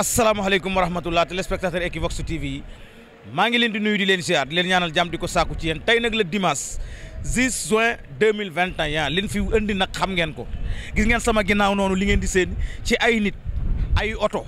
asalaamaaleykum wa rahmatullah téléspectateur Equivox TV yi maa ngi leen di nuyu di leen siyaar di leen ñaanal jàmm di ko sàkku ci yéen tey nag le dimanche 10 juin 2021 liñ fi indi nag xam ngeen ko gis ngeen sama ginnaaw noonu li ngeen di seen ci ay nit ay oto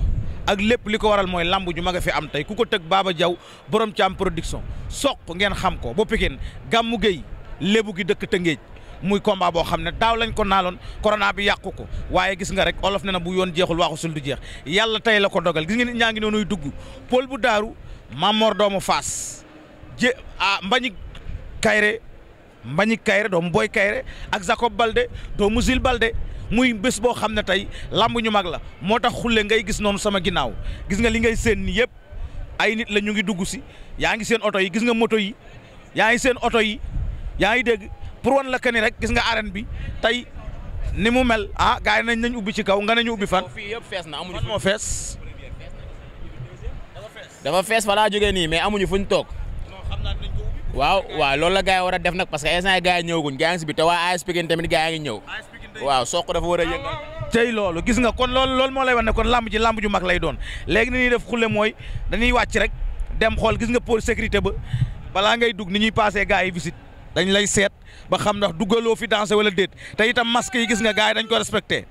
ak lépp li ko waral mooy làmb ju mag a fi am tey ku ko tëg jaw boroom ci am production soq ngeen xam ko ba Pikine gàmmu Gueye lébu gi dëkk Tëngéej muy combat boo xam ne daaw lañ ko naaloon corona bi yàqu ko waaye gis nga rek olof ne na bu yoon jeexul waaxu sul du jeex yàlla tey la ko dogal gis nga nit ñaa ngi noonuy dugg pool bu daaru Mamor doomu Faas jé ah Mbañik Kayre Mbañik Kayre doomu Boy Kayre ak Jacob Balde doomu Zil Balde muy bés boo xam ne tey làmb ñu mag la moo tax xulle ngay gis noonu sama ginnaaw gis nga li ngay seen ni yëpp ay nit la ñu ngi dugg si yaa ngi seen oto yi gis nga moto yi yaa ngi seen oto yi pour wan la que ni rek gis nga arène bi tey ni mu mel ah gars nañ nañ ubbi ci kaw nga nañu ubbi fan. fii yëpp fees na amuñu fan fees. dafa fees fa laa jógee nii mais amuñu fuñ toog. waaw waaw loolu la gars yi war a def parce que instant yii ñëw yi ñëwaguñ gars si bi te waa AS Pikine tamit gars yi ñëw. waaw soq dafa war a yëngal. tey loolu gis nga kon loolu loolu moo lay wan ne kon làmb ji làmb ju mag lay doon léegi ni ñuy def xulle mooy dañuy wàcc rek dem xool gis nga pour sécurité ba balaa ngay dugg ni ñuy passé gars yi visite. dañ lay seet ba xam ndax duggaloo fi dansé wala déet te itam masque yi gis nga gars yi dañ ko respecté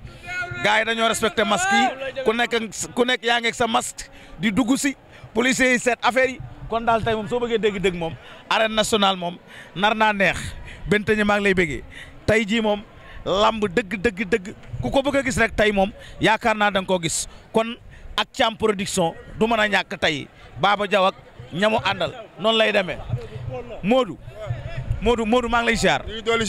gars yi dañoo respecté masque yi ku nekk ku nekk yaa ngeeg sa masque di dugg si policiers yi seet affaire yi kon daal tey moom soo bëggee dégg-dégg moom arène nationale moom nar naa neex benn ñi maa ngi lay bëggee tey jii moom lamb dëgg dëgg dëgg ku ko bëgg a gis rek tey moom yaakaar naa da nga koo gis kon ak càmm production du mën a ñàkk tey baaba jaw ak ñamu àndal noonu lay demee Modou Modou maa ngi lay ziar. ñu ngi dolli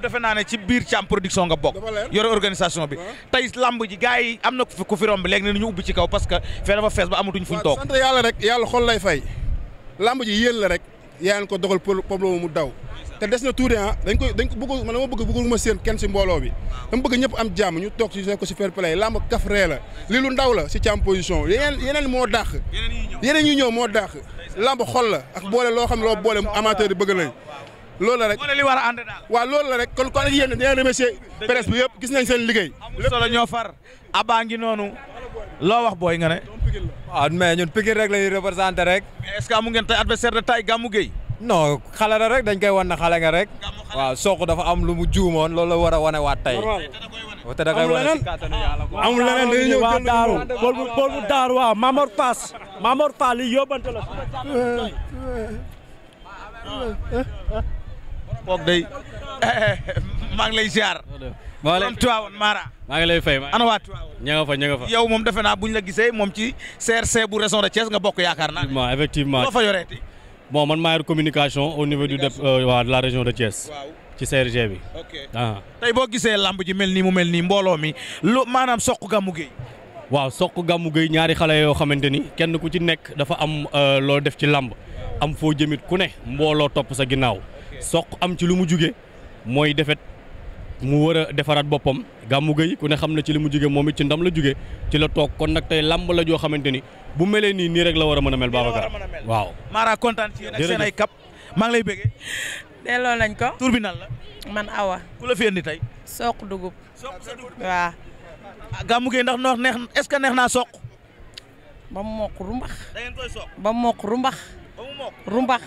defe naa ne ci biir Thiam production nga bokk. yore organisation bi. tey lamb ji gars yi am na ku fi ku fi romb léegi ne ñu ubbi ci kaw parce que fee dafa fees ba amatuñ fuñ toog. sant yàlla rek yàlla xol lay fay. lamb ji yéen la rek. yaa ngi ko dogal problème mu daw. te des na tuuti ah dañ koy dañ ko bëgg man dama bëgg bëgguma seen kenn si mbooloo bi dama bëgg ñëpp am jàmm ñu toog si ko si fair play làmb kaf la li lu ndaw la si càmm position yeneen ñëw moo dàq làmb xol la ak boole loo xam loo boole amateur yi bëgg nañ loolu la rek wala li war a ànd daal waaw loolu la rek kon kon yéen dañoo remercier presse bi yëpp gis nañ seen liggéey. lépp solo ñoo far abaa ngi noonu. loo wax booy nga ne. waaw mais ñun rek la ñuy rek. mais est-ce que amu ngeen tey adversaire de taille Gamou Gueye. rek dañ koy wan na xale nga rek. waaw soq dafa am lu mu juumoon loolu la war a wane waat tey. te da koy wane si yàlla amul leneen dañuy ñëw jënd daaru bool bu bool bu daaru waaw Mamor Pass Mamor Pass li yóbbante kook day maa ngi lay ziar. maa ngi lay Mara. maa ngi lay fay ana waa Tivaouane. ña nga fa ña moom defe naa buñ la gisee moom ci CRC bu région de Thiès nga bokk yaakaar naa. effectivement loo fa yoreeti. bon man maa yor communication au niveau du euh, waa de la région de Thiès. ci CRG bi. Ah. tey boo gisee làmb ji mel nii mu mel nii mbooloo mi lu maanaam soq gàmmu géey waaw soq gàmmu géey ñaari xale yoo xamante ni kenn ku ci nekk dafa am euh, loo def ci làmb am foo jëmit ku ne mbooloo topp sa ginnaaw. soq am ci lu mu jugee mooy defet mu war a defaraat boppam gàmmu gëy ku ne xam na ci li mu jugee moom it ci ndam la jugee ci la toog kon nag tey làmb la joo xamante ni bu melee nii nii rek la war a mën a mel. Babacar waaw. Mara kontaan ci yéen ak seen ay cap maa ngi lay bëggee. delloo nañ ko. tur la. man awa. ku la fi indi tey. soq dugub. soq sa dugub waaw. Ah, gàmmu gëy ndax neex est-ce que neex naa soq. ba mu rumbax. ba mu rumbax. rumbax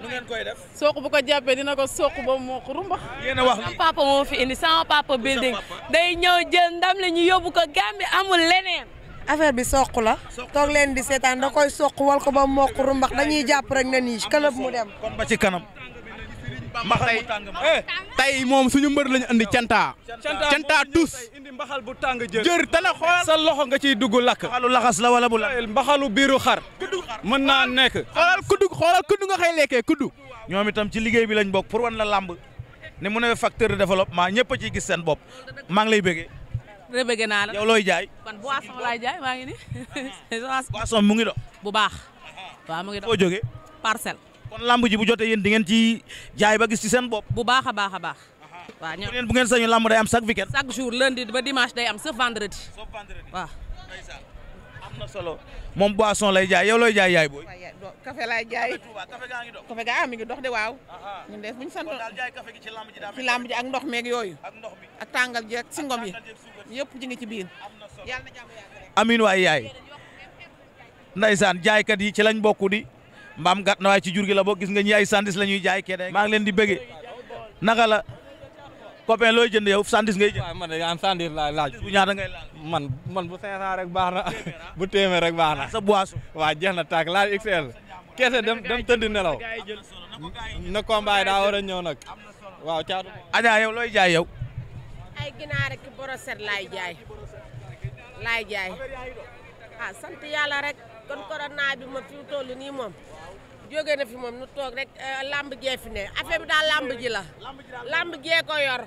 nu ngeen koy def sooq bu ko jàppee dina ko sooq ba mu mokk rumbax yéen a wax sama papa moo fi indi sama papa building day ñëw jël ndam la ñu yóbbu ko Gàmbi amul leneen affaire bi soq la toog leen di seetaan da koy soq wal ko ba mokk rumbax dañuy jàpp rek ne nii këlëb mu dem kon ba ci kanam ma tey eh. tey moom suñu mbër lañu andi canta canta dus indi mbaxal bu tàng jër jër te la sa loxo nga ciy dugg lakk mbaxalu laxas la wala bu lakk mbaxalu biiru xar mën naa nekk xoolal kuddu xoolal kuddu nga xëy lekkee kuddu ñoom itam ci liggéey bi lañ bokk pour wan la lamb ni mu ne facteur de développement ñëpp a ciy gis seen bopp maa ngi lay bëggee rëbëge naa la yow looy jaay kon boisson jaay maa ngi ni mu ngi dox bu baax waaw mu ngi dox foo jógee kon lamb ji bu jotee yéen di ngeen ci jaay ba gis ci seen bopp. bu baax a baax a baax. waaw ñoom bu ngeen bu sañu lamb day am chaque weekend. chaque jour lundi ba dimanche day am sauf vendredi. sauf vendredi solo moom boisson lay jaay yow looy jaay yaay booy. café laay jaay. café gaa mi ngi dox de waaw. ñun de bu ñu sant ci lamb ji ak ndox meeg yooyu. ak tàngal ji ak singom yi yëpp ji ngi ci biir. amiin waay yaay. ndeysaan jaaykat yi ci lañ bokku di. mbaam gàtt na waaye ci jur gi la boo gis nga ñi ay sandis lañuy jaay keneen maa ngi leen di bëggee naka la copain looy jënd yow sandis nga jënd. waaw man sandis laay laaj. bu ñaata ngay laaj. man man bu 500 rek baax na ah? bu téeméer rek baax na. sa boisson. waa jeex na tàkk laaj XL. keese dem dem tëdd nelaw. na combat daa war a ñëw nag. waaw caatu. yow looy jaay yow. ay ginaar ak broset laay jaay. laay jaay. Ah, sant yàlla rek kon corona bi ma fi mu nii moom. jóge na fi moom nu toog rek euh, lamb jee ne affaire bi daal lamb ji la lamb jee ko yor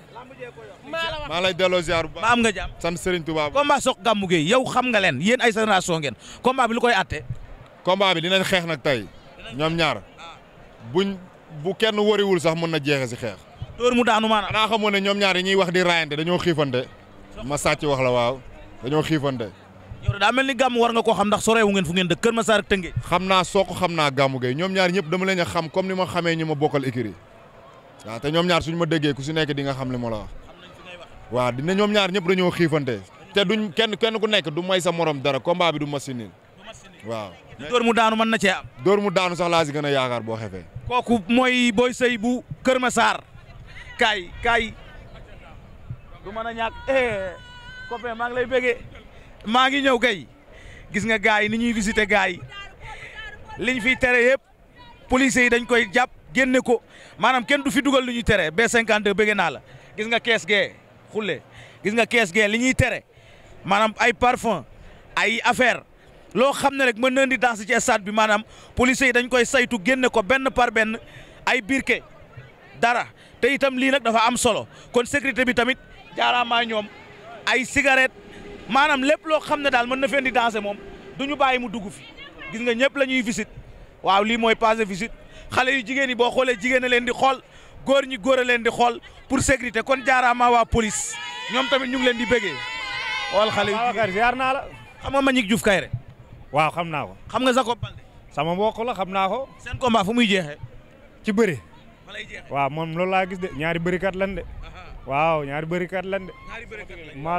maa la wax maa lay delloo ziar ba am nga jàmm sant Serigne Touba combat soq gàmmu gi yow xam nga leen yéen ay génération ngeen combat bi lu koy atte combat bi dina xeex nag tey ñoom ñaar bu kenn wariwul sax mën na jeexe si xeex dóor mu daanu maanaam xamoon ne ñoom ñaar yi ñuy wax di raayante dañoo xiifante ma sàcc wax la waaw dañoo xiifante yow daa mel ni gàmm war nga koo xam ndax soreewu ngeen fu ngeen dëkk Kër Massar ak xam naa soo xam naa gàmmu gay ñoom ñaar ñëpp dama leen a xam comme ni ma xamee ñi ma bokkal écurie waaw te ñoom ñaar suñ ma déggee ku si nekk di nga xam li ma la wax waaw dina ñoom ñaar ñëpp dañoo xiifante te duñ kenn kenn ku nekk du may sa morom dara combat bi du machine waaw dóor mu daanu mën na cee am dóor mu daanu sax laa si gën a yaakaar boo xefee kooku mooy booy sëy bu Kër Massar kaay kaay du mën a ñàkk eh, copain maa ngi lay bégee maa ngi ñëw gay gis nga gars yi ni ñuy visiter gars yi liñ fiy tere yëpp policiers yi dañ koy jàpp génne ko maanaam kenn du fi dugal lu ñuy tere B52 bëgg naa la gis nga kees gee xulle gis nga kees gee li ñuy tere maanaam ay parfum ay affaire loo xam ne rek mën na di danse ci stade bi maanaam policiers yi dañ koy saytu génne ko benn par benn ay birke dara te itam lii nag dafa am solo kon sécurité bi tamit jaaraamaa ñoom ay cigarette maanaam lépp loo xam ne daal mën na feen di danser moom du ñu bàyyi mu dugg fi gis nga ñëpp la ñuy visite waaw lii mooy passé visite xale yu jigéen yi boo xoolee jigéen a leen di xool góor ñi góor leen di xool pour sécurité kon jaaraama waa police ñoom tamit ñu ngi leen di bëggee. xool xale yu jigéen ziar naa la. xam nga Mbagnick Diouf Kayre. waaw xam naa ko. xam nga Jacob sama mbokk la xam naa ko. seen fu muy jeexee. ci bëri. fa waaw moom loolu laa gis de ñaari bërikat lan de. waaw ñaari bërikat lan de. ñaari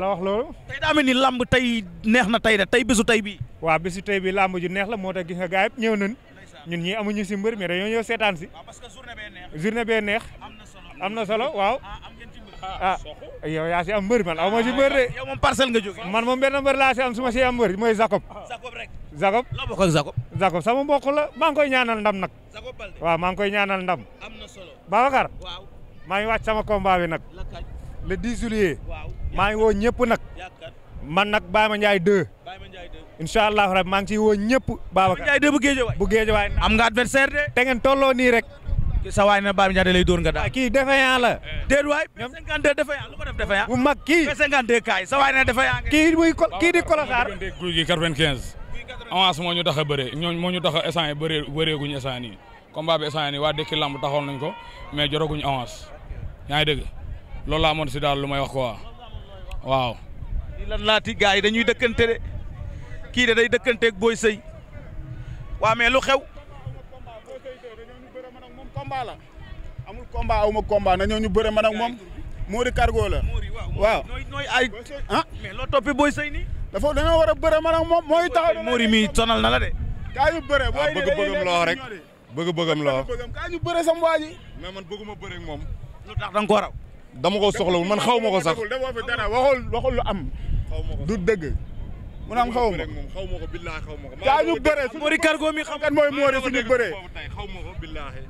la wax loolu. tey daa ni làmb tey neex na tey de tey bésu tey bi waaw bésu tey bi làmb ju neex la moo tax gis nga gars ñëw nañ ñun ñii amuñu si mbër mais dañoo ñëw seetaan si. parce que journée bee neex. bee neex. am na solo waaw. ah, ah, ah. yow am mbër man aw ma si ah, mbër de. yow moom parcelle nga jógee. man moom benn mbër laa am su ma se am mbër mooy Jacob. Jacob rek. Jacob la bokk sama mbokk la maa ngi koy ñaanal ndam nag. waaw maa ngi koy ñaanal ndam. am na solo maa ngi wàcc sama combat bi nag le 10 juillet maa ngi woo ñëpp nag man nag Baye Mandiaye 2 incha allah rabi maa ngi ciy woo ñëpp Babacar Baye Mandiaye 2 bu Géejawaay bu Géejawaay am nga adversaire de te ngeen tolloo nii rek sa waay na Baye Mandiaye 2 lay dóor nga daal kii défaillant la eh. déet waay 52 défaillant def défaillant bu mag kii 52 kaay sa waay na défaillant kii muy kii di Kolosaar guy gi moo ñu tax a ñooñ moo ñu tax a essane bëree bëreeguñu essane yi combat bi essane yi waa lamb taxoon nañ ko mais jotaguñu avance yaa ngi dégg loolu si daal lu may wax quoi waaw. di laati gars yi dañuy dëkkante de kii de day dëkkanteeg booy sëy waa mais lu xew. combat la amul combat aw na ñëw ñu bëre man ak moom Mori Cargo la waaw. nooy ay ah mais loo toppee booy sëy nii. dafa dañoo war a bëre man ak moom mooy taxaw. Mori mi sonal na la de. kaa ñu bëgg loo rek bëgg bëggam loo. kaa ñu bëre man bëgguma bëre ak moom. lu tax da ko raw dama ko soxlawul man xaw ma ko sax waxul waxul lu am. du dëgg. mu naan xaw ma xaw ma ko billaahi xaw ma ko. maa ñu bëree suñu Mori Cargo mi xam kan mooy Mori suñu bëree. xaw ma ko billaahi.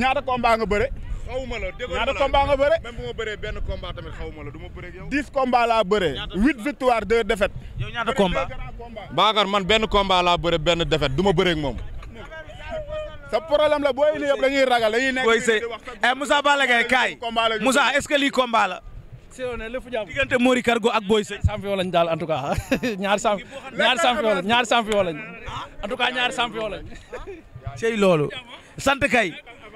ñaata combat nga bëre. xaw ma la déggoo ñaata combat nga bëre. même bu ma bëree benn combat tamit xaw ma la du ma bëree ak yow. dix combat laa bëree. huit victoire deux man benn combat laa bëre benn défaite du ma bëree moom. sa problème la booy nii yëpp dañuy ragal booy sëy eh Moussa Balla Gaye kaay Moussa est-ce que lii combat la. si woon lépp jàmm diggante Mori Cargo ak Boy Sey. champion lañ daal en tout cas ñaar champion ñaar champion lañ ñaar champion lañ en tout cas loolu sant kay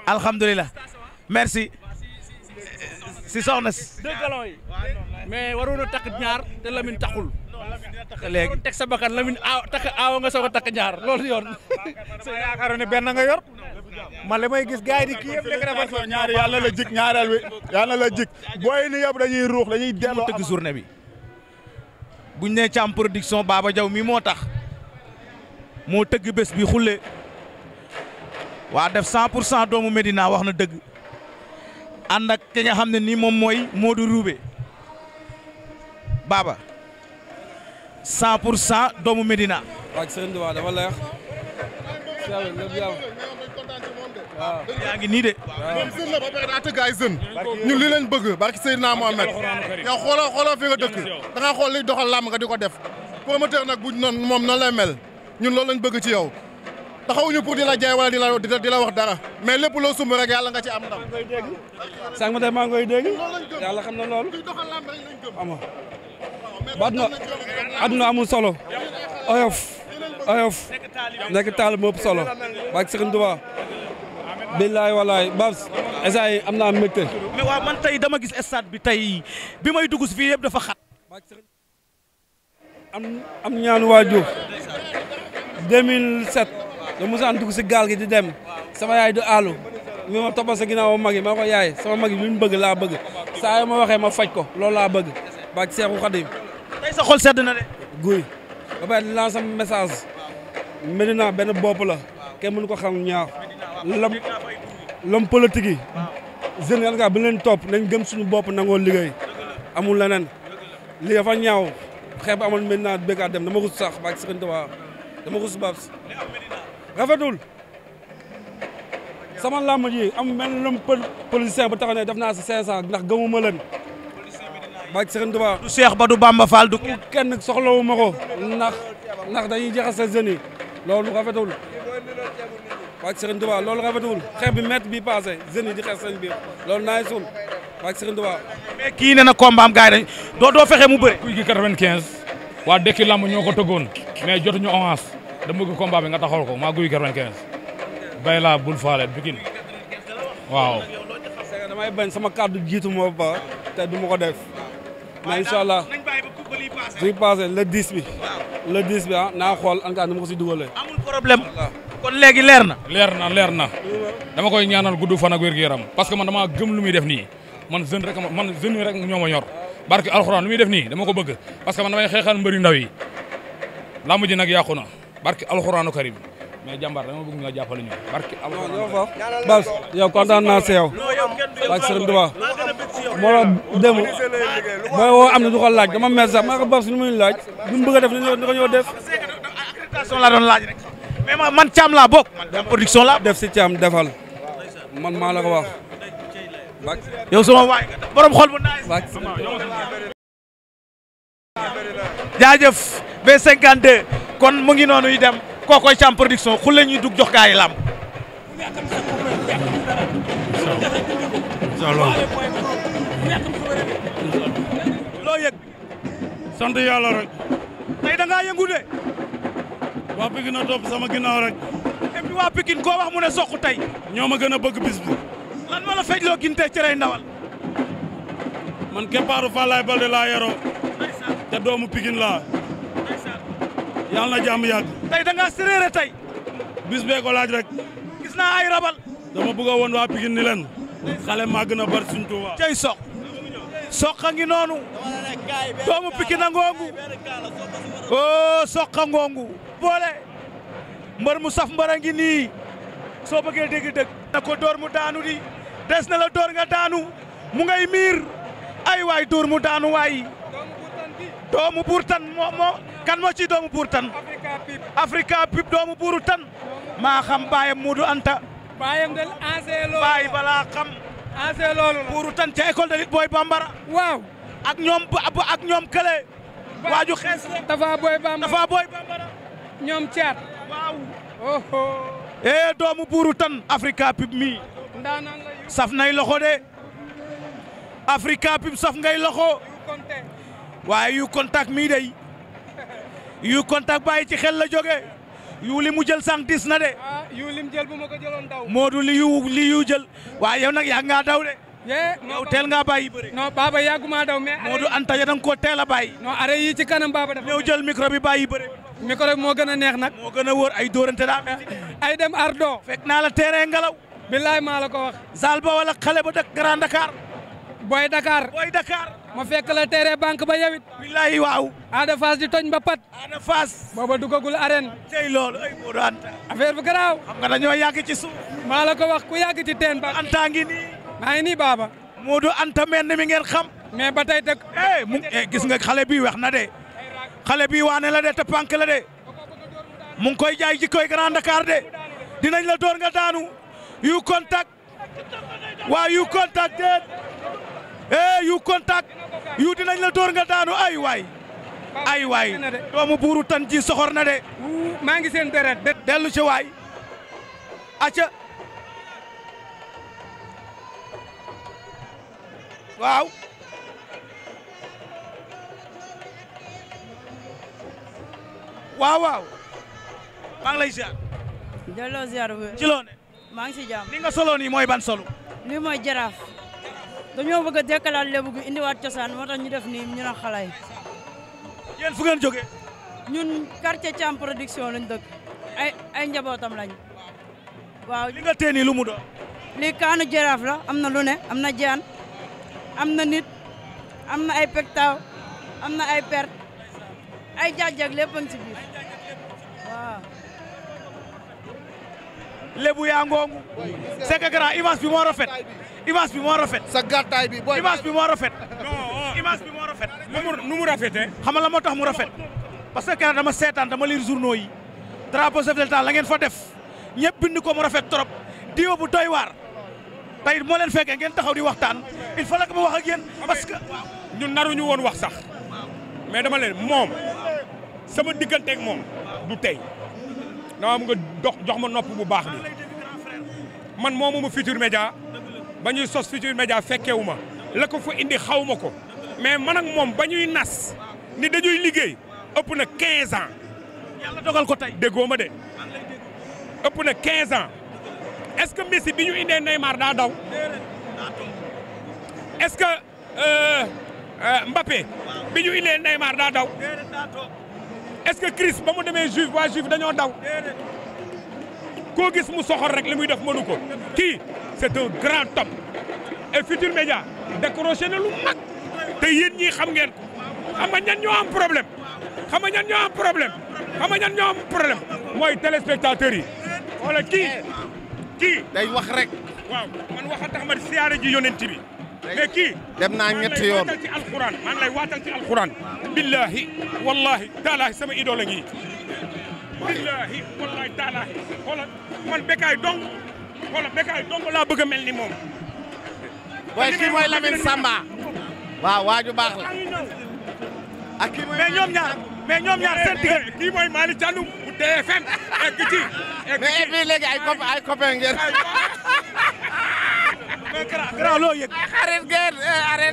alhamdulilah merci si soxna si. dëgg mais waroon a takk ñaar te Lamine taxul. léegi teg sa bakkan Lamine aaw takk aawa nga soog a takk ñaar loolu yoon. sëñ yaakaaroon ne benn nga yor. man may gis gars yi di kii yëpp nekk dafa soo ñaari yàlla la jik ñaareel la jik booy ni yëpp dañuy ruux dañuy delloo. tëgg journée bi buñ nee Thiam production baaba jaw mi moo tax moo tëgg bés bi xulle waa def 100 pour cent doomu Medina wax na dëgg ànd ak ki xam ne nii moom mooy Modou Roubé Baba. 100 pour saa doomu Medina. waaw sëñ bi waaw dafa leex. waaw yaa ngi nii de. waaw moom jeune la ba pare daa tëgg ay ñun li leen bëgg barki Seydina Mohamed yow xooloo xooloo fi nga dëkk da xool liy doxal làmb nga di ko def promoteur nag bu noonu moom noonu lay mel ñun loolu lañ bëgg ci yow taxawuñu pour di la jaay wala di la di la wax dara mais lépp loo sumb rek yàlla nga ci am ndam. sànq ma tey maa ngi koy dégg yàlla xam na loolu. liy doxal làmb rek lañ gëm. ba aduna aduna amul solo oyof oyof nekk taal moo solo baag Sëriñ Tuubaa billaay walaay Babs esa yi am na mbégte mais waaw man tey dama gis stade bi tey bi may dugg si fii yëpp dafa xat am am ñaanu waajur 2007 da musaan dugg si gaal gi di dem sama yaay du àllu mi ma toppal sa ginnaaw ma magi maa ko yaay sama magi mu bëgg laa bëgg saa yoo ma waxee ma faj ko loolu laa bëgg baag Seexu Xadim. tey sa sedd na de. guy ba pare lancer message. Medina benn bopp la. kenn mënu ko xam ñaar. lam lam politique yi. jeune yan leen topp nañ gëm suñu bopp nangoo liggéey. amul leneen. li nga fa ñaaw xeeb amoon Medina béykat dem dama rus sax baag Sëriñ Tuubaa dama rus Babs. rafetul. sama làmb ji am benn lëm pël politicien bu tax ne def naa si 500 ndax gëmuma leen. barke Serigne Touba du Cheikh ba du Bamba Fall du kenn soxlawu ma ko ndax ndax dañuy jaxase jeunes yi loolu rafetul barke Serigne Touba loolu rafetul xeex bi mètre bi passé jeunes yi di xeex seen biir loolu naay sul barke Serigne Touba mais kii nee na combat am gars yi dañ doo doo fexe mu bëri kuy gi 95 waa dëkki lamb ñoo ko tëggoon mais jotuñu avance dama bëgg combat bi nga taxawal ko maa guy 95 bay laa bul faale Pikine waaw damay bañ sama kàddu jiitu moo ba te du ma ko def mais incha allah suy passé le 10 bi. le 10 bi ah naa xool ANCAR ni ma ko amul problème kon léegi leer na. leer na leer na dama ko ñaanal gudd fan ak wér-gu-yaram parce que man dama gëm lu muy def nii man jeune rek man jeune rek ñoo ma ñor barke alxuraan lu muy def nii dama ko bëgg parce que man damay xeexal mbëri ndaw yi làmb ji nag yàqu na barke alxuraanu karim mais jàmbaar dama bëgg nga jàppale ñu barki am yow foof bas yow kontaan naa si yow barki sëriñ Tuubaa moo am na du laaj dama mer sax maa ko bas muy laaj ñu bëgg a def ni def arrestation laa doon laaj rek mais man caam laa bokk man production laa def si caam defal man maa la ko wax yow sama waay borom xol bu naay jaajëf B52 kon mu ngi noonu yi dem kookoy Thiam production xul la ñuy dugg jox gaa yi làmb. loo yëg. sant yàlla rek. tey da ngaa waa Pikine a topp sama ginnaaw rek. et waa Pikine koo wax mu ne soq tey. ñoo ma gën a bëgg bis bi. lan moo la fej loo ginte cere ndawal. man keppaaru Fallaye Balde laa yoroo. te doomu Pikine laa. yàlla na jàmm yàgg. tey da ngaa séréere tey. bis bee ko naa ay rabal. dama bëgg a woon waa Pikine ni leen. xale màgg na bar suñ Tuuba. cey soq. soqa ngi noonu. doomu Pikine a ngongu. oo oh, soqa boole. mbër mu saf mbër a ngi nii. soo dégg-dégg. na ko door mu daanu di. des na la door nga daanu. mu ngay miir. ay waay door mu daanu waay. doomu burtan moo. kan moo ciy doomu buur tan Africa Pip doomu buuru tan maa xam baayam Moodu Anta. baay balaa xam. ancien tan ca école de booy bambara. ak ñoom ak ñoom kële. waaju xees dafa booy bambara ñoom caat. waaw. E, doomu buuru tan Africa Pip mi saf nay loxo de. Africa Pip saf ngay loxo. waaye yu contact mi day. yu contact bàyyi ci xel la jóge yu li mu jël sànq dis na de. ah yu lim jël bu ma ko jëloon daw. Modou li yu li jël waaye yow nag yaa ngaa daw de. yee yow teel ngaa bàyyi bëri. non baba yàgguma daw mais. Modou Anta ya da nga koo teel a bàyyi. non arrêt ci kanam baba dafa. ñëw jël micro bi bàyyi bëri. micro bi moo gën neex nag. moo gën a wóor ay dóorante daa ay dem ardo. fekk naa la terrain ngelaw. billaay maa la ko wax. Zal ba wala xale ba dëkk Grand Dakar. Boy Dakar Boy Dakar. ma fekk la terrain banque ba yewit billahi waaw Ada Fass di tooñ ba pat Ada Fass booba dugagul arène tey loolu affaire bu garaaw xam nga dañoo yàgg ci suuf maa la ko wax ku yàgg ci teen ba Anta ngi nii maa ngi nii baaba Modou Anta mel ni mi ngeen xam mais ba tey teg eh, eh gis nga xale bi wax na de xale bi waane la de te pànk la de mu ngi koy jaay ji koy Grand Dakar de dinañ la door nga daanu yu contact waa yu contact de eh yu contact yu dinañ la dóor nga daanu ay waay ay waay doomu buuru tan ji soxor na de maa ngi seen deret dellu ci waay acca waaw waaw waaw maa ngi lay ziar. delloo ziar bu ci loo ne. maa ngi si jàmm. li nga solo nii mooy ban solo. li mooy jaraaf. dañoo bëgg a dekkalaat lébu gi indiwaat cosaan moo tax ñu def nii ñu na xale yi. yéen fu ñun quartier Thiam production lañ dëkk ay ay njabootam lañ waaw. li nga tee lu mu do lii kaanu jaraaf la am na lu ne am na jaan am na nit am na ay pektaaw am na ay per ay jaajag lépp a ngi ci biir waaw. lébu yaa ngooŋu c'est que grand image bi moo rafet image bi moo rafet. sa gàttaay bi booy image bi moo rafet. non oh. image bi moo rafet. nu mu rafetee. xam nga la moo tax mu rafet parce que keroog dama seetaan dama lire journaux yi drapeau chef de la ngeen fa def ñëpp bind ko mu rafet trop diwa bu doy waar moo leen fekkee ngeen taxaw di waxtaan il faut que ma wax ak yéen parce que. ñun naruñu woon wax sax mais dama leen moom sama digganteeg moom du tey. dama nga dox jox ma nopp bu baax bi man moomu ma Futurs Médias ba ñuy sos Futurs Médias fekkewu ma la ko fa indi xaw ma ko mais man ak moom ba ñuy nas ni dañuy liggéey ëpp na 15 ans. yàlla dogal ko tey na 15 ans est-ce que Messi bi ñu indee Neymar daa daw est-ce que euh, euh, Mbappé bi ñu indee Neymar daa daw. est-ce que Christ ba mu demee juif waa juif dañoo daw koo gis mu soxor rek li muy def mënu ko kii c'est un grand top et Futurs Médias décroché lu mag te yéen ñii xam ngeen ko xam nga ñan ñoo am problème xam ñan ñoo am problème xam ñan ñoo am problème mooy téléspectateurs yi wala kii kii day wax rek waaw man waxa tax ma siyaare ji yonent bi mais kii dem naa ñetti yoon ci alquran man lay waatal ci alquran billahi wallahi taalahi sama idole ngi billahi wallahi taalahi xoolal man bekaay dong xoolal bekaay dong laa bëgg a ni moom waaye kii mooy Lamine Samba waaw waaju baax la ñoom ñaar mais kii mooy Malick Thiandoum bu TFM egg ci ay copains ay copains ngeen mais Kara Kara loo yëg. ay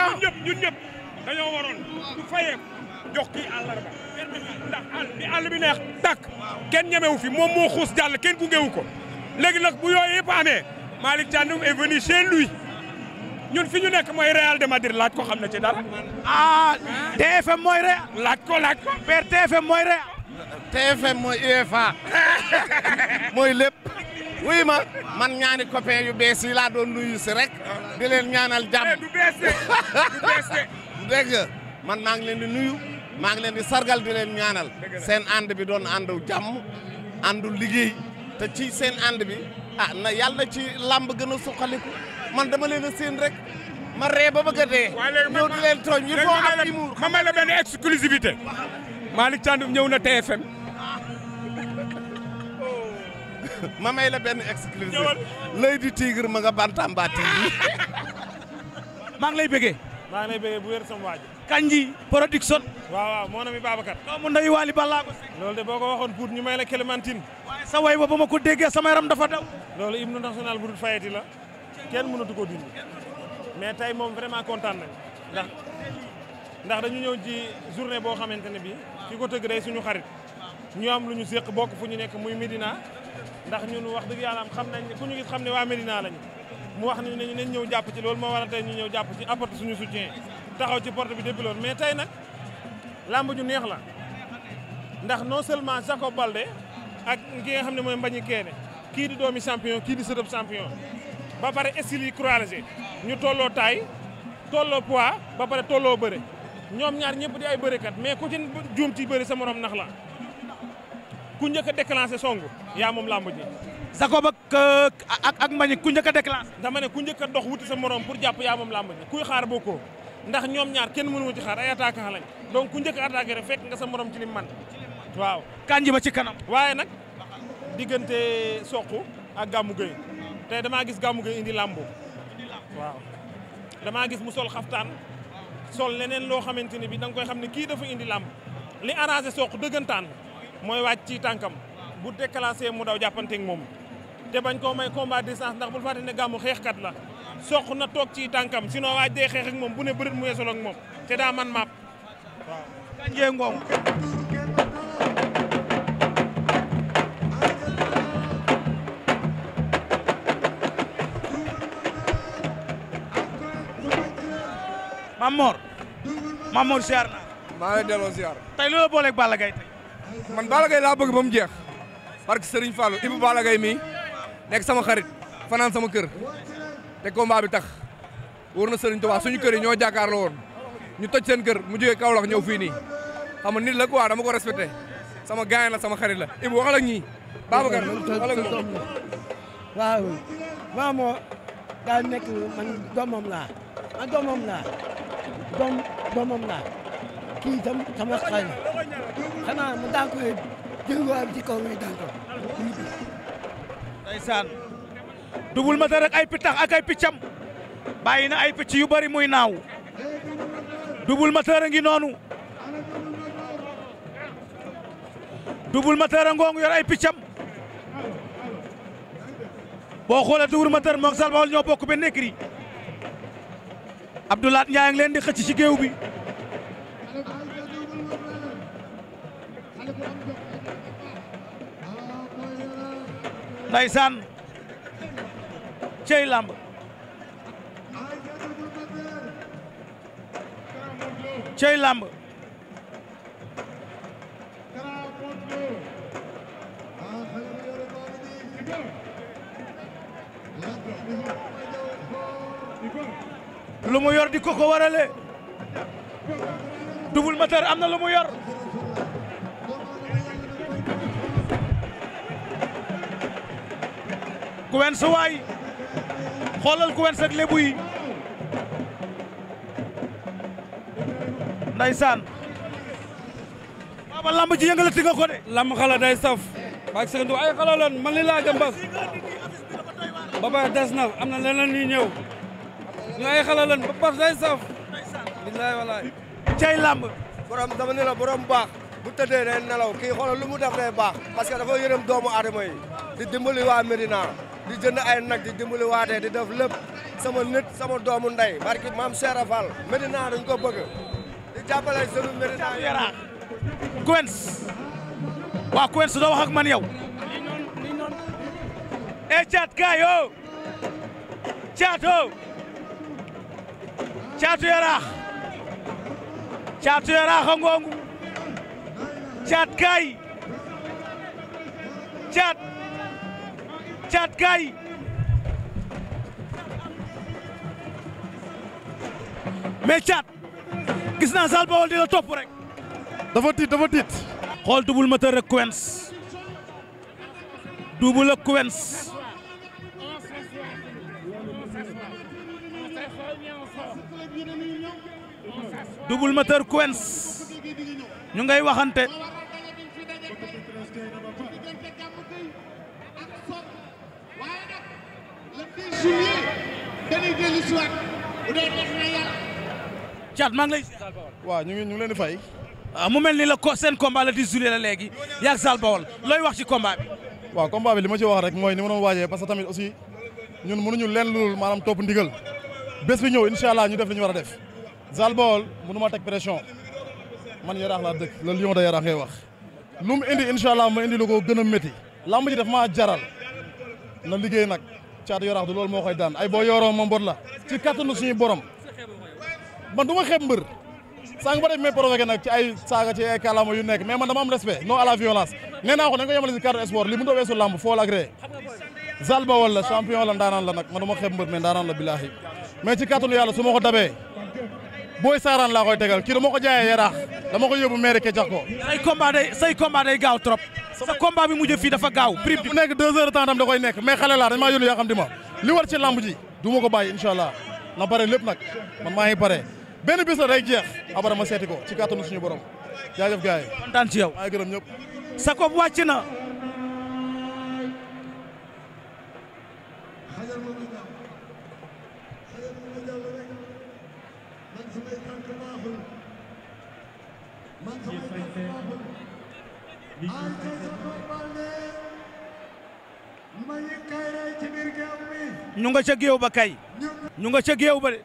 xarit waroon du fayee jox kii àllarba bi àll bi neex tàkk kenn ñemewu fi moom moo xuus jàll kenn gungewu ko léegi nag bu yooyu yëpp amee Malick Thiandoum est venu chez lui. ñun fi ñu nekk mooy Real de Madrid laaj ko xam na ci dara. ah TFM mooy laaj ko laaj ko. père TFM mooy Real. TFM mooy UEFA mooy lépp. wuy ma man ñaani copain yu bees yi laa doon nuyu si rek di leen ñaanal jàmm eh, du bees du bees man maa ngi leen di nuyu maa ngi leen di sargal di leen ñaanal seen ànd bi doon àndu jàmm àndu liggéey te ci seen ànd bi ah na yàlla ci làmb gën a suqaliku man dama leen a seen rek ma ree ba bëgg a dee. ñëw di leen tooñ il faut am humour ma may la benn exclusivité. Malick Thiandoum ñëw na TFM. ma may la benn exclusivité. lay di tigre ma nga Bantamba TV. maa ngi lay bëggee. maa ngi lay bëggee bu wér sama waaj. Kanji production. waaw moo na mi Babacar. doomu ndeyu Waly Ballago loolu de boo ko waxoon pour ñu may la Clémentine. sa way ba ba ma ko déggee sama yaram dafa daw. loolu hymne national bu dul fayeti la. kenn mënatu koo dindi mais tey moom vraiment kontaan nañ ndax ndax dañu ñëw ji journée boo xamante ne bii ki ko tëgg day suñu xarit ñu am lu ñu séq bokk fu ñu nekk muy Médina ndax ñun wax dëgg yàlla xam nañ ku ñu gis xam ne waa Médina lañu mu wax ne ñu nañ ñëw jàpp ci loolu moo waral tey ñu ñëw jàpp ci apporter suñu soutien taxaw ci porte bi depuis loolu mais tey nag làmb ñu neex la ndax noo seulement Jacob Balde ak ki nga xam ne mooy Mbagnick Keene kii di doomi champion kii di sëtëb champion ba pare style yi ñu tolloo taille tolloo poids ba pare tolloo bëre ñoom ñaar ñëpp di ay bërekat mais ku ci juum ci bëri sa moroom nax la ku njëkk a déclenché song yaa moom làmb ji. Jacob ak euh, ak ak Mbagnick ku njëkk a déclenché. dama ne ku njëkk a dox wuti sa morom pour jàpp yaa moom làmb ji kuy xaar bokkoo ndax ñoom ñaar kenn mënu ci xaar ay attaquant lañ donc ku njëkk a attaqué rek fekk nga sa morom ci li man waaw. kanji ba ci kanam. waaye nag diggante soq ak gàmmu Gueye. te damaa gis gàmmu gi indi làmbu waaw damaa gis mu sol xaftaan sol leneen loo xamante ni bi da nga koy xam ne kii dafa indi làmb li arrangé soq dëggantaan mooy wàcc ci tànkam bu déclassé mu daw jàppante moom te bañ koo may combat distance ndax bul fàtte ne gàmmu xeexkat la soq na toog ci tànkam sinon waaj dee xeex ak moom bu ne bërit mu yeesal ak moom te daa man maap Mamor Mamor ziar naa. maa ngi lay delloo ziar. tey loolu booleeg Balla man Balla laa bëgg ba mu jeex. parce sëriñ Serigne Fallou Ibou Balla nekk sama xarit fanaan sama kër te combat bi tax wóor na Serigne Touba suñu kër yi ñoo jàkkaarloo woon ñu toj seen kër mu jógee Kaolack ñëw fii nii xam nga nit la quoi dama ko respecté sama gaañ la sama xarit la Ibou waxal ak ñii. Babacar waxal moo daa nekk man doomam laa man doomam laa. doom doomam laa kii itam sama xarit xanaa mu daa koy jënguwaayam ci kaw mi daan ko. ndeysaan Double Moteur ak ay pitax ak ay piccam bàyyi na ay picc yu bari muy naaw Double Moteur a ngi noonu Double Moteur a ngoongu piccam boo xoolee Double Moteur moog Zal Baol ñoo bokk benn écrit Abdoulaat Ndiaye a ngi leen di xëcc ci géew bi ndaysaan cey làmb cey làmb lu mu yor di koko ko warale Double Moteur am na lu mu yor Quench waay xoolal Quench ak lébu yi ndaysaan baba lamb ji yëngalati nga ko de lamb xala day saf baag segantu ay xala lan man li laa gëm des na am na leneen ñuy ñëw ñu ay xala ba paf day saf billaay walaay cay làmb borom dama ne la borom baax bu tëddee day nelaw kii xoolal lu mu def day baax parce que dafa yërëm doomu aadama yi di dimbali waa Médina di jënd ay nag di dimbali waatee di def lépp sama nit sama doomu ndey barki maam Cheikh Fall Médina dañ ko bëgg di jàppale sënu Médina yara Quench waa Quench doo wax man yow e caat o caat o caatu yaraax caatu yaraax a ngongu caat kaay caat caat kaay mais caat gis naa Sall Bawol di la topp rek dafa tiit dafa tiit xool Double Moteur rek Quench Double ak Quench Double Moteur Quench ñu ngay waxante caat maa ngi lay waaw ñu ngi ñu ngi leen di fay ah, mu mel ni la ko seen combat la di juillet la léegi yaag Zal looy wax ci combat bi waaw combat bi li ma ci wax rek mooy ni ma doon waajee parce que tamit aussi ñun mënuñu leen lul maanaam topp ndigal bés bi ñëw incha allah ñu def li war a def Zal Baol ma teg pression man yaraax laa dëkk le lion de yaraax ngay wax lu indi incha allah ma indi lu ko gën a lamb ji daf maa jaral na liggéey nag caatu yaraax du loolu moo koy daan ay boo yoroo ma mbot la ci kattanu suñu borom man du ma xeeb mbër sànq ba def may provoqué nag ci ay saaga ci ay kàllaama yu nekk mais man dama am respect non à la violence nee naa ko dañ ko yemale si li mu mais ci kàttanu yàlla su ma ko dabee booy saaraan laa koy tegal kii dama ko jaayee yaraax dama ko yóbbu maire kecax ko. say combat day say combat day gaaw trop. sa combat i mujj fii dafa gaaw. prix bu nekk deux heures de temps tam da koy nekk mais xale laa dañ maa yónni yoo di ma li war ci lamb ji ko bàyyi incha allah na pare lépp nag man maa ngi pare benn bis la day jeex abara ma seeti ko ci kàttanu suñu borom jaajëf gars yi. kontaan ci yow maa ngi gërëm ñëpp. sa ko wàcc na. ñu nga ca géew ba kay ñu nga ca géew ba de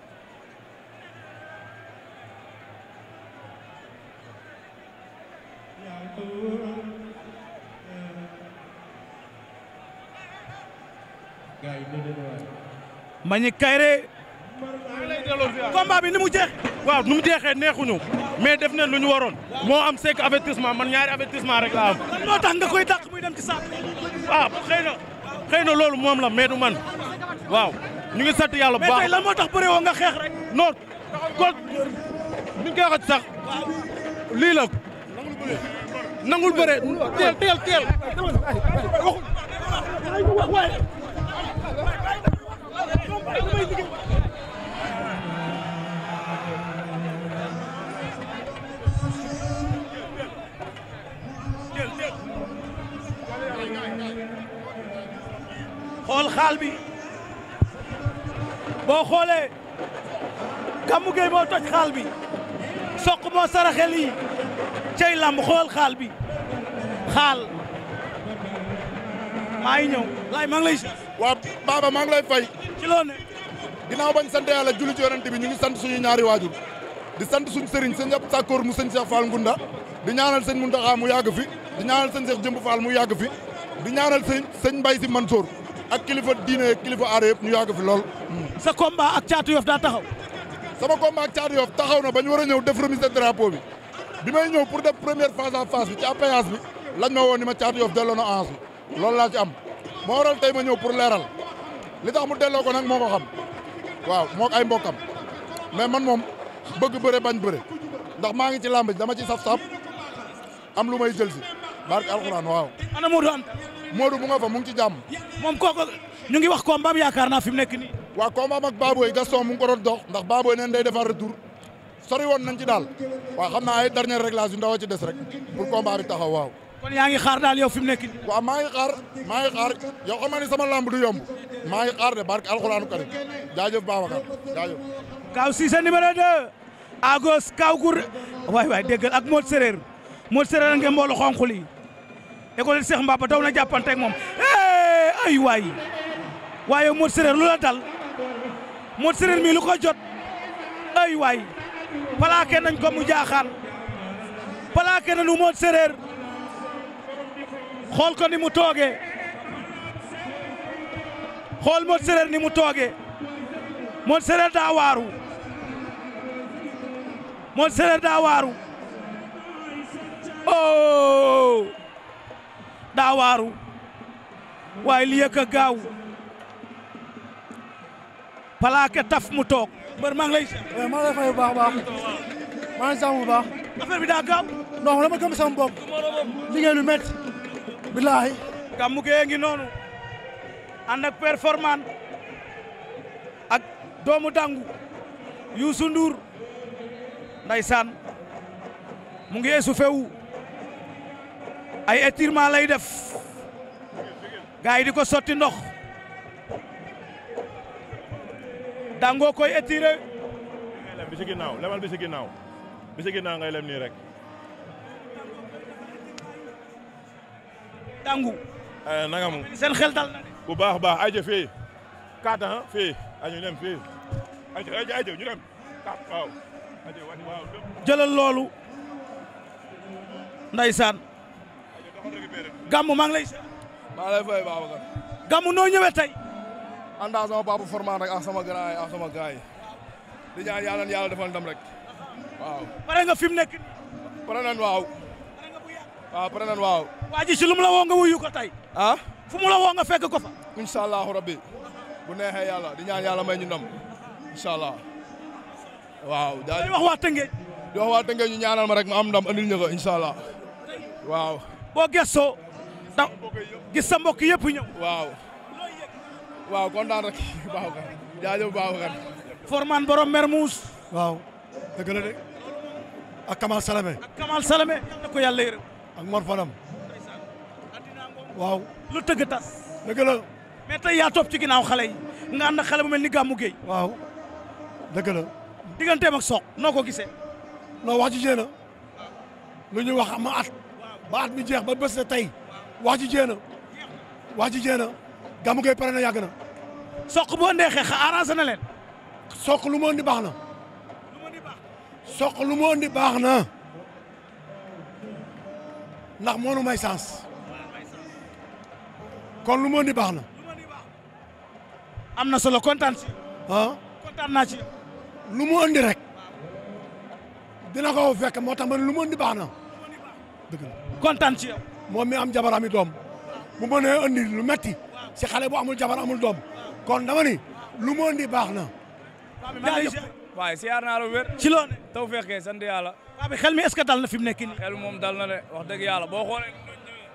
Mbagnick Kaïré combat bi ni mu jeex waaw ni mu jeexee neexuñu mais def nañ lu ñu waroon moo am cinq avertissement man ñaari avertissement rek laa am. lan tax nga koy dàq muy dem ci saako. waaw ah, xëy na loolu moom la mais du man waaw ñu ngi sant yàlla bu baax lan moo tax bëre woo nga xeex rek. non kon bi wax ci sax lii la nangul bëre teel teel teel. xool xaal bi boo xoolee Gamou Gueye moo toj xaal bi soq moo saraxel yi cey lamb xool xaal bi xaal maa ngi ñëw laay maa ngi lay baaba maa ngi lay fay ci loo ne ginnaaw bañ sant yàlla julli ci yonent bi ñu ngi sant suñu ñaari waajur di sant suñu sëriñ sëñ ab sàkkoor mu sëñ Cheikh Fall Ngunda di ñaanal sëñ Muntaxa mu yàgg fi di ñaanal sëñ Cheikh Jëmb mu yàgg fi di ñaanal sëñ sëñ Mbay si Mansour ak kilifa diine kilifa aada yëpp ñu yàgg fi lool. sa combat ak caatu yof daa taxaw. sama combat ak caatu yof taxaw na ba ñu war a ñëw def remise de drapeau bi may ñëw pour def première face à face bi ci apéance bi lañ ma woon ni ma caatu yof delloo na bi loolu laa ci am moo waral tey ma ñëw pour leeral li tax mu delloo ko nag moo ko xam waaw moo ay mbokkam mais man moom bëgg bëre bañ bëre ndax maa ngi ci làmb dama ci saf-saf am lu may jël si barke Modou mu nga fa mu ngi ci jàmm. moom kooku ñu ngi wax combat am yaakaar naa fi mu nekk nii. waaw combat am ak Baboy Gaston mu ngi ko doon dox ndax Baboy neen day defar retour sori woon nañ ci daal waaw xam naa ay dernier réglage yu ndaw a ci des rek pour combat bi taxaw waaw. kon yaa ngi xaar daal yow fi mu nekk nii. maa ngi xaar maa ngi xaar yow xam nga ni sama lamb du yomb maa ngi xaar de barke alxuraanu karim jaajëf Babacar jaajëf. Kaaw Cissé numéro 2. Agos Kaaw Gour waay waay déggal ak Modou Séréer Modou Séréer ngeen mboolu xonq li école Cheikh Mbaba daw na jàppante ak moom eh, ay waay waaye Modou Séréer lu la dal Modou Séréer mii ko jot ay waay plaqué nañ ko mu jaaxaan plaqué nañu Modou Séréer xool ko ni mu tooge xool Modou Séréer ni mu toogee Modou Séréer daa waaru Modou Séréer daa waaru oh daa waaru waaye li yëkk taf mu toog mbër maa ngi lay eh, maa ngi lay fay bu baax baax maa ngi sàmm bi daa gaaw non dama gëm sama bopp liggéey lu billaahi gàmmu gee ngi noonu ànd ak ak doomu dangu Youssou Ndour ndeysaan mu ngi eesu fewu ay étirement lay def gars di ko sotti ndox dangoo koy étiré. bi si ginnaaw lemal bi si ginnaaw bi si ginnaaw ngay lem nii rek. dangu. Eh, nanga mu seen xel dal bu baax a baax ayca fii quatre ans ah, fii ñu dem fii ayca ayca loolu. ndeysaan. Gamou maa ngi lay. maa lay fay Babacar. Gamou noo ñëwee tey. ànd ak sama papa rek ak sama grand yi ak sama grand yi di ñaan yàlla na yàlla defal rek waaw. pare nga fi mu nekk. pare nañ waaw. waaw pare nañ waaw. waa ji si lu la woo nga wuyu ko tey. ah fu mu la woo fekk ko fa. incha allahu rabbi bu neexee yàlla di ñaan yàlla may ñu ndam incha allah waaw. daal di wax waa Tëngéej. di wax waa Tëngéej ñaanal ma rek am ndam andil ñu ko allah waaw. boo gëstoo da gis sa mbokk yëpp ñëw. waaw waaw kontaan rek Babacar jaajëf Babacar. Forman borom Mermoz. waaw dëgg la de ak Kamal Salame. ak Salame na ko yàlla yërëm. ak Mor Fadam. waaw. lu tëgg tas. dëgg la. mais tey ci ginnaaw xale yi nga ànd xale bu mel ni Gamou Gueye. waaw dëgg la. digganteem ak noo ko gisee. non wax ci jéem lu ñuy wax am at. ba at mi jeex ba bés na tey wax ji jéem wax ji jéem a gàmmu gay na yàgg na. soq boo ndee xeex arrangé na leen. soq lu mu indi baax na. soq lu mu baax na ndax moonu may sens kon lu mu indi baax na. am na solo kontaan si. ah naa ci. lu mu indi rek dina ko fekk moo tax ma ne lu mu indi baax na kontaan ci yow. moom mi am jabar ami doom mu mënee andi lu metti si xale bu amul jabar amul doom kon dama ni lu mu andi baax na. waaye siyaar naa la wér. ci loolu taw fekkee sant yàlla. waaw xel mi est dal na fi mu nekk nii. xel moom dal na de wax dëgg yàlla boo xoolee.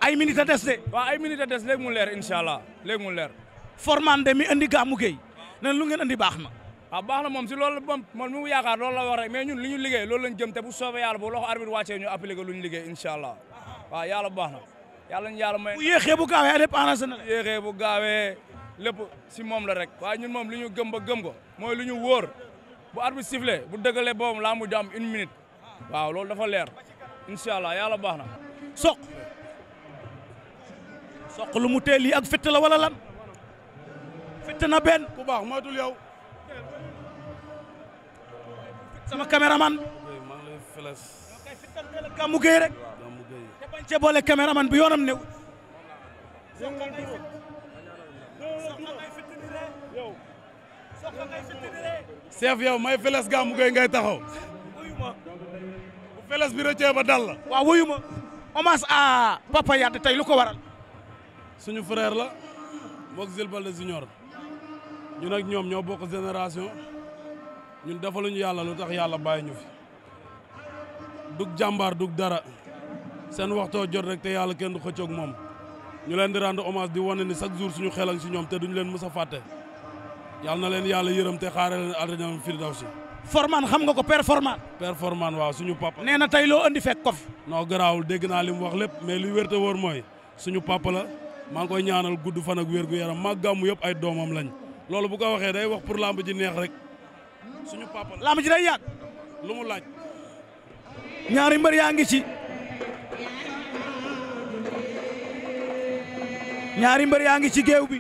ay minutes a des de. waaw ay minutes a des léegi mu leer incha allah léegi mu leer. formande mi andi gàmmu Gueye nan lu ngeen andi baax na. waaw ah, baax na moom si loolu moom mi mu yaakaar loolu la wax rek ñun li ñu liggéey loolu lañ jëm waaw yàlla bu baax na yàlla ñu yàlla may. bu gaawee lépp arrangé na la. yéexee bu gaawee lépp si moom la rek. waaye ñun moom lu ñu gëm ba gëm ko mooy lu ñu woor bu at bi sifflé bu dëggalee boobu laa mujj am une minute waaw loolu dafa leer incha allah yàlla baax na. soq lu mu tee lii ak fett la wala lan fett na benn. ku baax moytul yow. sama caméraman. maa bañ cee bi yoonam ne. chef yow may feles gàmmu gay taxaw. bu feles bi rëccee ba dal la. ma hommage à Papa Yade tey lu ko waral. suñu frère la mook Zil Balde Junior ñu ak ñoom ñoo bokk génération ñun defaluñu yàlla lu tax yàlla bàyyi ñu fi. dug jàmbaar dug dara. seen waxtoo jot rek te yàlla kenn du xëccoog moom ñu leen di rendre hommage di wane ni chaque jour suñu xelang si ñoom te duñu leen mës a fàtte yàlla na leen yàlla yërëm te xaare leen àjjana firdawsi Forman xam nga ko père Forman. père Forman waaw suñu papa. nee na tey loo andi fekk ko fi. non garaawul dégg naa lim wax lépp mais li wér te wóor mooy suñu papa la maa ngi koy ñaanal gudd fan ak wér gu yaram mag gàmmu yëpp ay doomam lañ loolu bu ko waxee day wax pour lamb ji neex rek suñu papa la. lamb ji day yàgg. lu mu laaj. ñaari mbër yaa ngi ci. ñaari mbër yaa ngi ci géew bi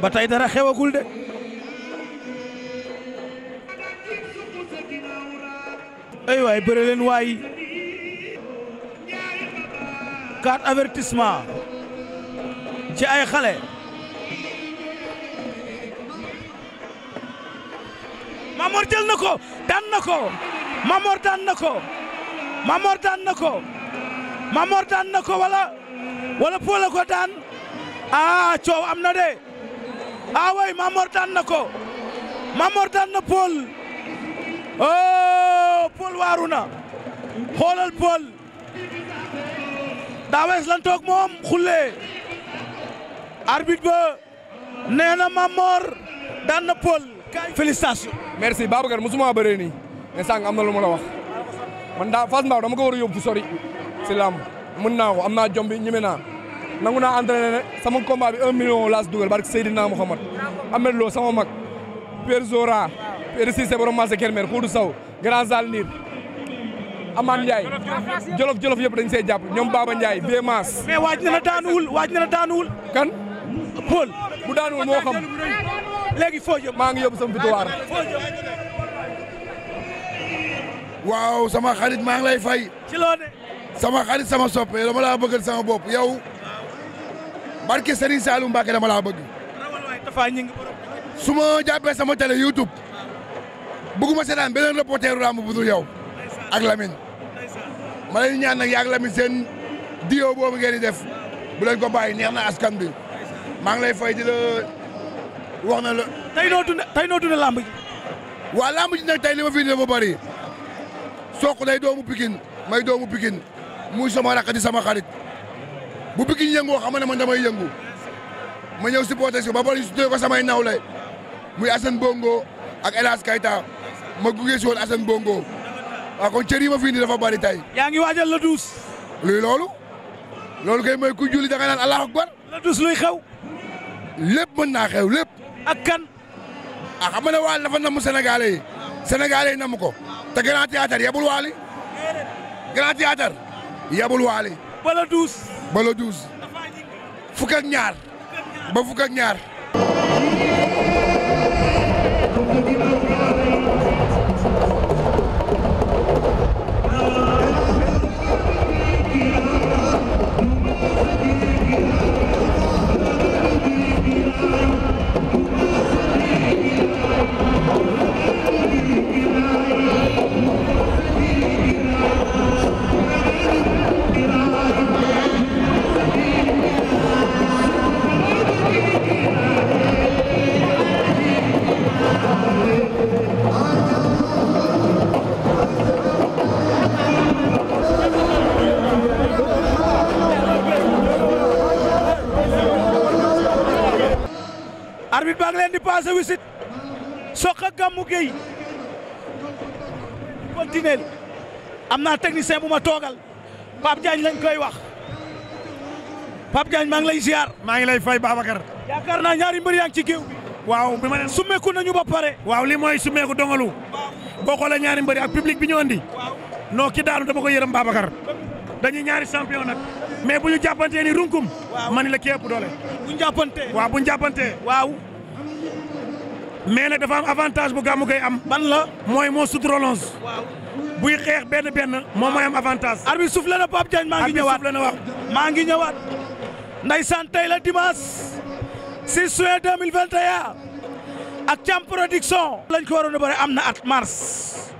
ba tey dara xewagul de ay waay bëre leen waay quatre avertissement ci ay xale Mamor jël na ko daan na ko Mamor daan na ko Mamor daan na ko Mamor daan na ko wala wala Paul ko daan ah coow am na de ah way Mamor daan ko Mamor daan na Paul oh Paul waaru na xoolal Paul daa wees lan toog moom xullee arbitre ba nee na Mamor daan na Paul. félicitations. merci Babacar musuma bëree mais am na lu ma la wax man daa Fass Mbao dama ko war a yóbbu sori si làmb mën naa ko am naa jom bi naa nangu naa entraîné ne sama combat bi un million laas dugal barke Seydina Mouhamad Ahmed Lo sama mag Père Zora Père Cissé borom marché Kermel Koudou Sow Grand Zal Ndir Amane Ndiaye jolof jolof yëpp dañ see jàpp ñoom Baba Ndiaye bee maas. mais waaj na la daanuwul waaj na la daanuwul. kan. Paul bu daanuwul moo xam. léegi foo maa ngi yóbbu sama victoire. waaw sama xarit maa ngi lay fay. ci sama xarit sama soppe dama laa bëggal sama bopp yow. barke Serigne Saliou Mbacké dama laa bëgg. su ma jàppee sama télé YouTube. bëgguma seetaan beneen reporteru lamb bu dul yow. ak Lamine. ma leen ñaan nag yaa lamin Lamine seen diwo boobu ngeen di def. bu leen ko bàyyi neex na askan bi. maa ngi lay fay di wax na la. tey noo dund tey noo dund lamb ji. nag tey li ma fi indi ba bëri. Sokh day doomu Pikine may doomu Pikine muy sama rakk sama xarit bu Pikine yëngoo xam ne man damay yëngu ma ñëw supporté si ba pare su ko samay nawle muy Assane Bongo ak El Hadj Kayta ma gunge si woon Assane Bongo waaw kon cër yi ma fi indi dafa bari yaa ngi waajal la douze. luy loolu loolu kay mooy xew. lépp mën naa xew lépp. ak kan. ah xam nga ne waa dafa namm Sénégalais yi Sénégalais yi namm ko. te grand théâtre yebul waali grand théâtre yebul waali ba la douze ba la douze fukk ak ba fukk ak ñaar Gamou Gueye continuer am naa technicien bu ma toogal Pape Diagne lañ koy wax Pape Diagne maa ngi lay ziar. maa ngi lay fay Babacar. yaakaar naa ñaari mbër yaa ngi ci géew bi. waaw bi ma leen summeeku nañu ba pare. waaw li mooy summeeku dongalu. boo xoolee ñaari mbër ak public bi ñu andi. non ki daanu dama ko yërëm Babacar. dañuy ñaari champion nag. mais bu ñu jàppantee ni runkum. waaw man la képp doole. bu ñu waaw bu ñu mais nag dafa am avantage bu gàmmu gay am. ban la mooy moo suturalonge. waaw buy xeex benn benn. moom mooy am avantage. arbitre soufflé na Pape Diagne maa ngi ñëwaat arbitre na waaw. maa ngi ñëwaat. ndaysaan tey la dimanche. 6 juin 2021. ak Thiam production. lañ ko waroon a bëre am na at mars.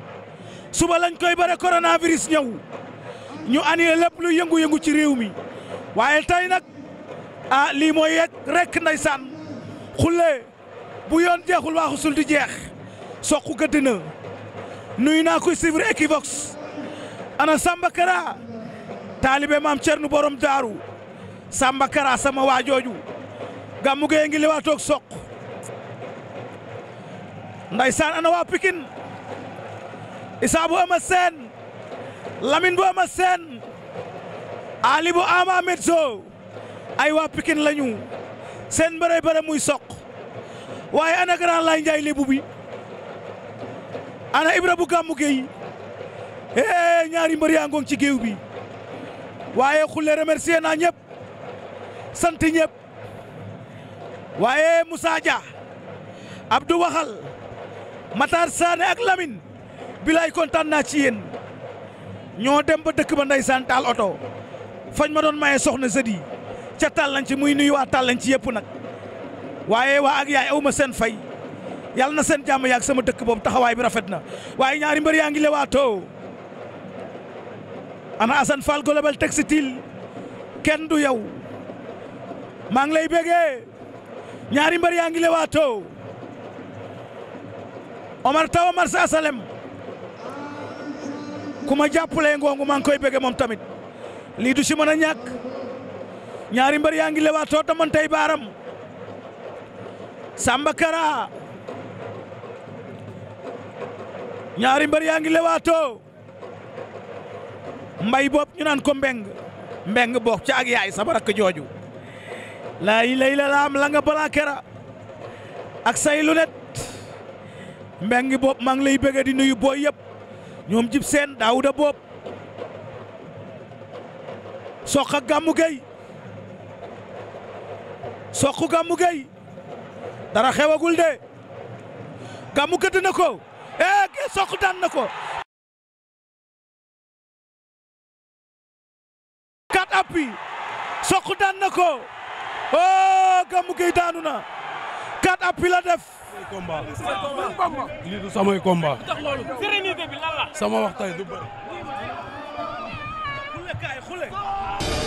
suba lañ koy bëre coronavirus ñëw. ñu annulé lépp lu yëngu-yëngu ci réew mi. waaye tey nag ah lii mooy yegg rek ndaysaan xulle bu yoon jeexul waaxu di jeex soq gëdd na nuyu naa koy suivre Equivox ana Samba Kara taalibe maam Cernu borom daaru Samba Kara sama waajooju gàmmu gee ngi liwaatoog soq ndaysaan ana waa Pikin Isaa bu ama seen Lamine bu ama seen Ali bu ama Metzo ay waa Pikin lañu seen bëre bëre muy soq waaye ana grand lay Ndiaye lébu bi ana Ibra bu gàmmu géey eh ñaari mbër yaa ngoog ci géew bi waaye xulle remercier naa ñëpp sant ñëpp waaye Moussa Dia Abdou Waxal Matar Saane ak lamin bilaay kontaan naa ci yéen ñoo dem ba dëkk ba ndeysaan taal oto fañ ma doon maye soxna sëdi ca tàllañ ci muy nuyu waa tàllañ ci yëpp nag waaye waa ak yaay aw ma seen fay yàlla na seen jàmm yaag sama dëkk boobu taxawaay bi rafet na waaye ñaari mbër yaa ngi lewaatoo ana Assane teg si Textile kenn du yow maa ngi lay bégee ñaari mbër yaa ngi lewaatoo Omar Tawa Marsa Salem ku ma jàppalee ngoongu maa ngi koy bégee moom tamit lii du si mën a ñàkk ñaari mbër yaa ngi lewaatoo tey baaram Samba Kara ñaari mbër yaa ngi lewaatoo mbay bopp ñu naan ko mbeng mbeng bokk ca ak yaay sama rakk jooju laa lay la laam la nga balaa kera ak say lunette mbeng bopp maa ngi lay bëgg di nuyu booy yépp ñoom jib seen daawuda bopp soq ak gàmmu gay soq gàmmu gay dara xewagul de Gamou këtt na ko eh kii soq ko. quatre appuis soq daan ko oh Gamou Gueye daanu na quatre la def.